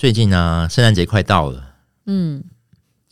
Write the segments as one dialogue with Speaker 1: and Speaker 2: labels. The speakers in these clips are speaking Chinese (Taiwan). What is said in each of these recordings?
Speaker 1: 最近呢、啊，聖誕節快到了，嗯，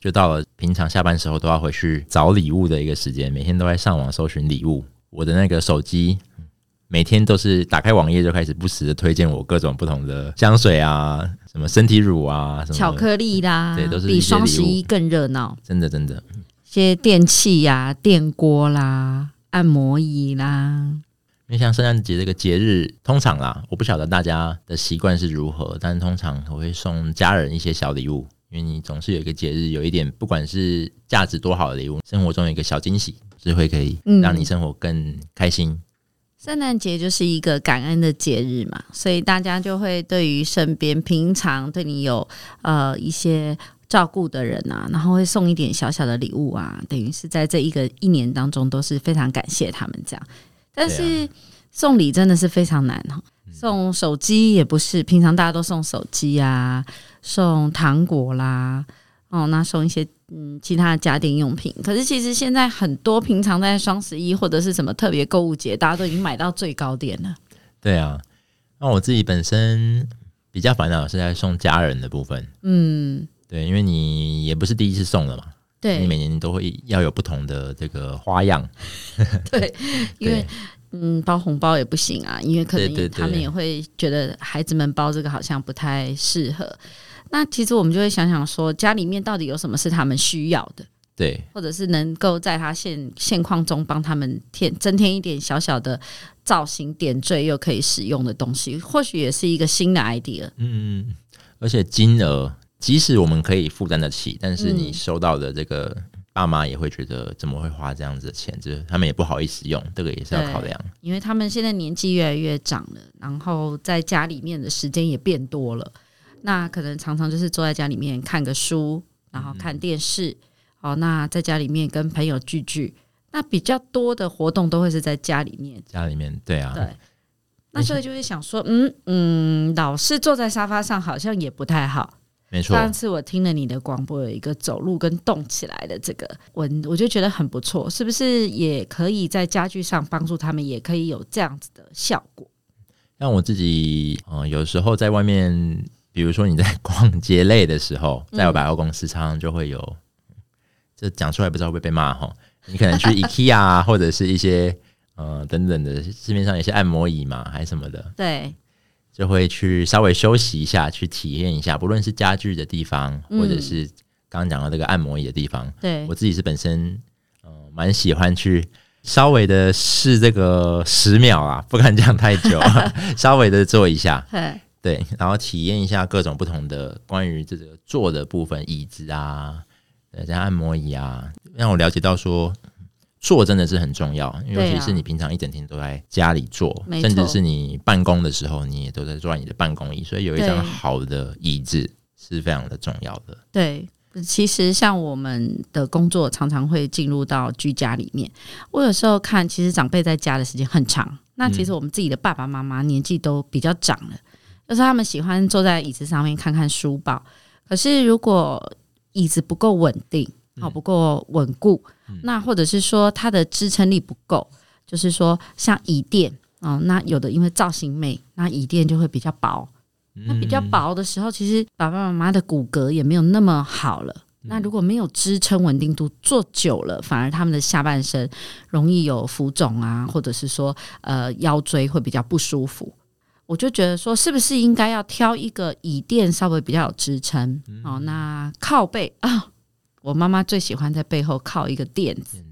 Speaker 1: 就到了平常下班時候都要回去找禮物的一個時間，每天都在上網搜尋禮物。我的那個手機、嗯、每天都是打開網頁就開始不時的推薦我各種不同的香水啊，什麼身體乳啊，什麼巧克
Speaker 2: 力啦，嗯、對，都是比雙十一更熱鬧，
Speaker 1: 真的真的。一
Speaker 2: 些電器呀、啊，電鍋啦，按摩椅啦。
Speaker 1: 因為像聖誕節這個節日，通常啦，我不曉得大家的習慣是如何，但是通常我會送家人一些小禮物，因為你總是有一個節日，有一點不管是價值多好的禮物，生活中有一個小驚喜，是會可以讓你生活更開心。
Speaker 2: 聖誕節就是一個感恩的節日嘛，所以大家就會對於身邊平常對你有呃一些照顧的人啊，然後會送一點小小的禮物啊，等於是在這一個一年當中都是非常感謝他們這樣。但是送禮真的是非常難哈，對啊嗯、送手機也不是，平常大家都送手機啊，送糖果啦，哦，那送一些嗯其他的家電用品。可是其實現在很多平常在雙十一或者是什麼特別購物節，大家都已經買到最高點了。
Speaker 1: 對啊，那我自己本身比較煩惱是在送家人的部分。嗯，對，因為你也不是第一次送了嘛。對，你每年都會要有不同的這個花樣。
Speaker 2: 對，因為對嗯，包紅包也不行啊，因為可能對對對他們也會覺得孩子們包這個好像不太適合。那其實我們就會想想說，家裡面到底有什麼是他們需要的？對，或者是能夠在他現現況中幫他們添增添一點小小的造型點綴，又可以使用的東西，或許也是一個新的 idea。嗯，
Speaker 1: 而且金額。即使我們可以負擔得起，但是你收到的這個爸媽也會覺得怎麼會花這樣子的錢，嗯、就是他們也不好意思用，這個也是要考量。
Speaker 2: 因為他們現在年紀越來越長了，然後在家裡面的時間也變多了，那可能常常就是坐在家裡面看個書，然後看電視，哦、嗯，那在家裡面跟朋友聚聚，那比較多的活動都會是在家裡面。
Speaker 1: 家裡面對啊，對，
Speaker 2: 那所以就會想說，嗯嗯，嗯，老是坐在沙發上好像也不太好。沒錯，上次我聽了你的廣播，有一個走路跟動起來的這個我，我就覺得很不錯。是不是也可以在家具上幫助他們，也可以有這樣子的效果？
Speaker 1: 像我自己，嗯、呃，有時候在外面，比如說你在逛街累的時候，在我百貨公司常常就會有，嗯、這講出來不知道會不會被罵哈。你可能去 IKEA 或者是一些，呃，等等的市面上也是按摩椅嘛，還是什麼的，對。就會去稍微休息一下，去體驗一下，不論是家具的地方，或者是剛剛講到這個按摩椅的地方。嗯、對我自己是本身，嗯、呃，蠻喜歡去稍微的試這個十秒啊，不敢講太久， 稍微的坐一下， 對，然後體驗一下各種不同的關於這個坐的部分，椅子啊，對，這按摩椅啊，讓我了解到說。坐真的是很重要，尤其是你平常一整天都在家裡坐，啊、甚至是你辦公的時候，你也都在坐在你的辦公椅，所以有一張好的椅子是非常的重要的。
Speaker 2: 對，對，其實像我們的工作常常會進入到居家裡面，我有時候看，其實長輩在家的時間很長。那其實我們自己的爸爸媽媽年紀都比較長了，嗯、就是他們喜歡坐在椅子上面看看書報。可是如果椅子不夠穩定。好，不夠穩固，嗯、那或者是說它的支撐力不夠，就是說像椅墊啊、哦，那有的因為造型美，那椅墊就會比較薄，嗯、那比較薄的時候，其實爸爸媽媽的骨骼也沒有那麼好了。嗯、那如果沒有支撐穩定度，坐久了反而他們的下半身容易有浮腫啊，或者是說呃腰椎會比較不舒服。我就覺得說，是不是應該要挑一個椅墊稍微比較有支撐？嗯、哦，那靠背啊。呃我媽媽最喜歡在背後靠一個墊子，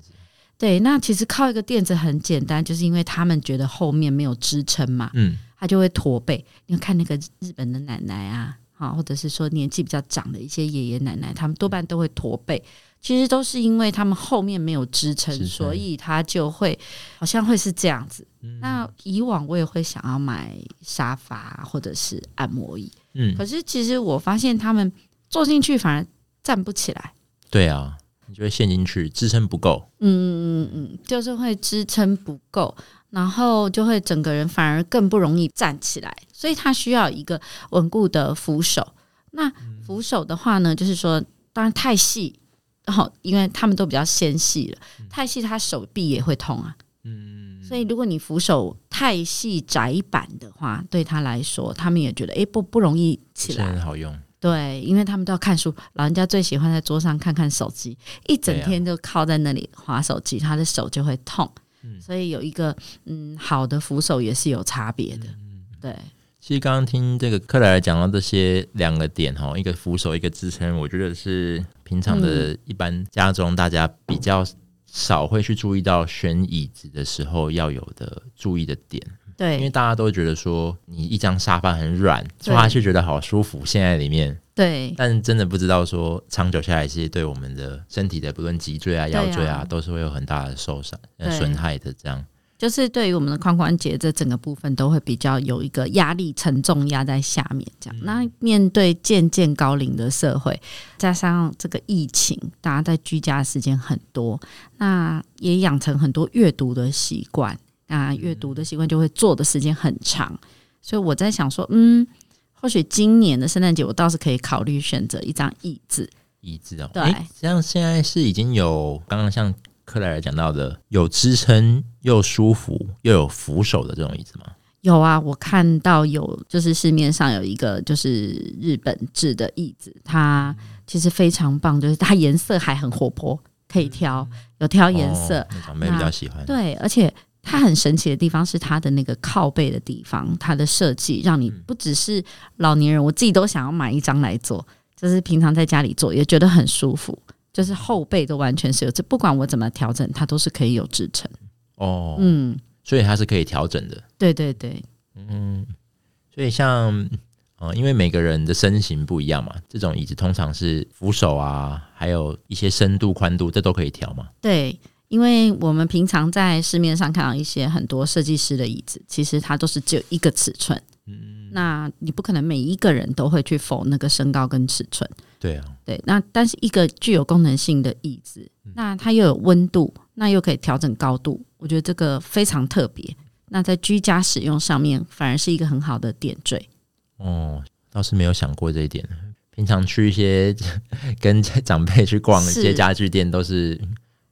Speaker 2: 對，那其實靠一個墊子很簡單，就是因為他們覺得後面沒有支撐嘛，嗯，他就會駝背。你看那個日本的奶奶啊，啊，或者是說年紀比較長的一些爺爺奶奶，他們多半都會駝背，嗯、其實都是因為他們後面沒有支撐，所以他就會好像會是這樣子。嗯、那以往我也會想要買沙發或者是按摩椅，嗯、可是其實我發現他們坐進去反而站不起來。
Speaker 1: 對啊，你就會陷進去，支撐不夠。
Speaker 2: 嗯嗯嗯嗯，就是會支撐不夠，然後就會整個人反而更不容易站起來，所以它需要一個穩固的扶手。那扶手的話呢，就是說，當然太細，然後、哦、因為他們都比較纖細了，太細他手臂也會痛啊。嗯，所以如果你扶手太細窄板的話，對他來說，他們也覺得哎、欸、不不容易起來，很好用。對，因為他們都要看書，老人家最喜歡在桌上看看手機，一整天就靠在那裡滑手機，啊、他的手就會痛。嗯、所以有一個嗯好的扶手也是有差別的。嗯、對，其
Speaker 1: 實剛剛聽這個克萊爾講到這些兩個點哈，一個扶手，一個支撐，我覺得是平常的，一般家中大家比較少會去注意到選椅子的時候要有的注意的點。對，因為大家都覺得說你一張沙發很軟，坐下去覺得好舒服，陷在裡面。對，但真的不知道說長久下來是對我們的身體的，不論脊椎啊、啊腰椎啊，都是會有很大的受傷、損對害的。這樣
Speaker 2: 就是對於我們的髖關節這整個部分都會比較有一個壓力、沉重壓在下面。這樣，嗯、那面對漸漸高齡的社會，加上這個疫情，大家在居家的時間很多，那也養成很多閱讀的習慣。那、啊、閱讀的習慣就會坐的時間很長，所以我在想說，嗯，或許今年的聖誕節我倒是可以考慮選擇一張椅
Speaker 1: 子，椅子的話、哦，對，像、欸、現在是已經有剛剛像克萊爾講到的，有支撐又舒服又有扶手的這種椅子嗎？
Speaker 2: 有啊，我看到有就是市面上有一個就是日本製的椅子，它其實非常棒，就是它顏色還很活潑，可以挑，有挑顏色，哦、長輩比較喜歡，啊、對，而且。它很神奇的地方是它的那個靠背的地方，它的設計讓你不只是老年人，嗯、我自己都想要買一張來坐，就是平常在家裡坐也覺得很舒服，就是後背都完全是有，這不管我怎麼調整，它都是可以
Speaker 1: 有支撐。哦，嗯，所以它是可以調整的。
Speaker 2: 對對對，
Speaker 1: 嗯，所以像啊、呃，因為每個人的身形不一樣嘛，這種椅子通常是扶手啊，還有一些深度、寬度，這都可以調嘛。對。因為我
Speaker 2: 們平常在市面上看到一些很多設計師的椅子，其實它都是只有一個尺寸。嗯，那你不可能每一個人都會去否那個身高跟尺寸。對啊，對。那但是一個具有功能性的椅子，那它又有溫度，那又可以調整高度，我覺得這個非常特別。那在居家使用上面，反而是一個很好的點綴。
Speaker 1: 哦，倒是沒有想過這一點。平常去一些 跟長輩去逛一些家具店，都是，是。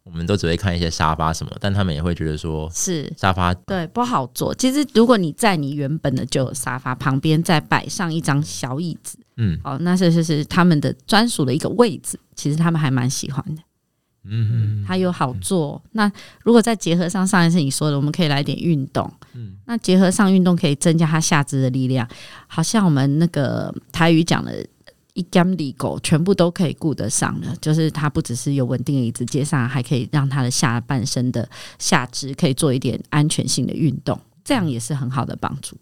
Speaker 1: 我們都只會看一些沙發什麼，但他們也會覺得說是沙發是
Speaker 2: 對不好坐。其實如果你在你原本的舊沙發旁邊再擺上一張小椅子，嗯，哦，那是是是他們的專屬的一個位置，其實他們還蠻喜歡的，嗯哼哼
Speaker 1: 哼
Speaker 2: 嗯，他又好坐。嗯，那如果再結合上上一次你說的，我們可以來點運動，嗯，那結合上運動可以增加他下肢的力量，好像我們那個台語講的。一家裡狗全部都可以顧得上的，就是它不只是有穩定的椅子接上，還可以讓它的下半身的下肢可以做一點安全性的運動，這樣也是很好的幫助。
Speaker 1: 誒、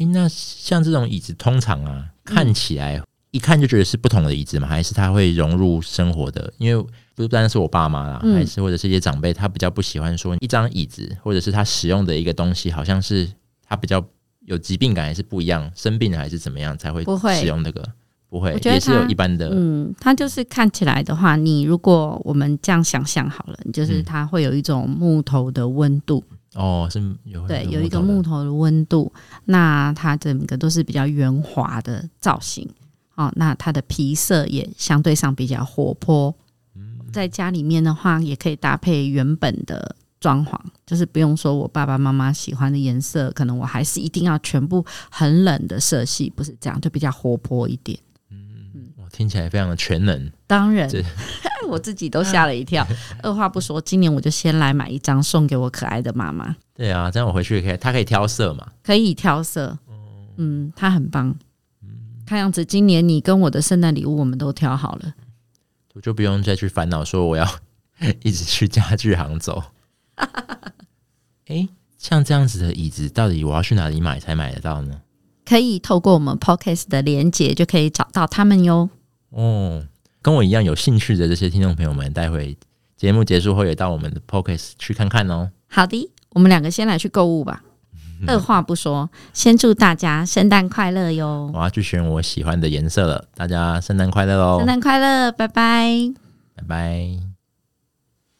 Speaker 1: 欸，那像這種椅子，通常啊，看起來、嗯、一看就覺得是不同的椅子嘛？還是它會融入生活的？因為不單單是我爸媽啦，嗯、還是或者是一些長輩，他比較不喜歡說一張椅子，或者是他使用的一個東西，好像是他比較有疾病感，還是不一樣生病了還是怎麼樣才會會使用那、這個？不會，我覺得也是有一般的。嗯，
Speaker 2: 它就是看起來的話，你如果我們這樣想象好了，你就是它會有一種木頭的溫度、嗯、
Speaker 1: 哦，是有對，有一個
Speaker 2: 木頭的溫度，那它整個都是比較圓滑的造型哦，那它的皮色也相對上比較活潑。嗯，在家裡面的話，也可以搭配原本的裝潢，就是不用說我爸爸媽媽喜歡的顏色，可能我還是一定要全部很冷的色系，不是這樣，就比較活潑一點。
Speaker 1: 聽起來非常的全能，
Speaker 2: 當然，對 我自己都嚇了一跳。 二話不說，今年我就先來買一張送給我可愛的媽媽。
Speaker 1: 對啊，這樣我回去也可以，她可以挑色嘛？
Speaker 2: 可以挑色，嗯，她、嗯、很棒。嗯、看樣子，今年你跟我的聖誕禮物我們都挑好
Speaker 1: 了，我就不用再去煩惱說我要一直去家具行走。哎、 欸，像這樣子的椅子，到底我要去哪裡買才買得到呢？
Speaker 2: 可以透過我們 Pocket 的連接就可以找到他們喲。
Speaker 1: 哦，跟我一樣有興趣的這些聽眾朋友們，待會節目結束後也到我們的 podcast 去看看哦、喔。
Speaker 2: 好的，我們兩個先來去購物吧。二話不說， 先祝大家聖誕快樂喲！我
Speaker 1: 要去選我喜歡的顏色了。大家聖誕快樂哦！聖誕
Speaker 2: 快樂，拜拜，
Speaker 1: 拜拜。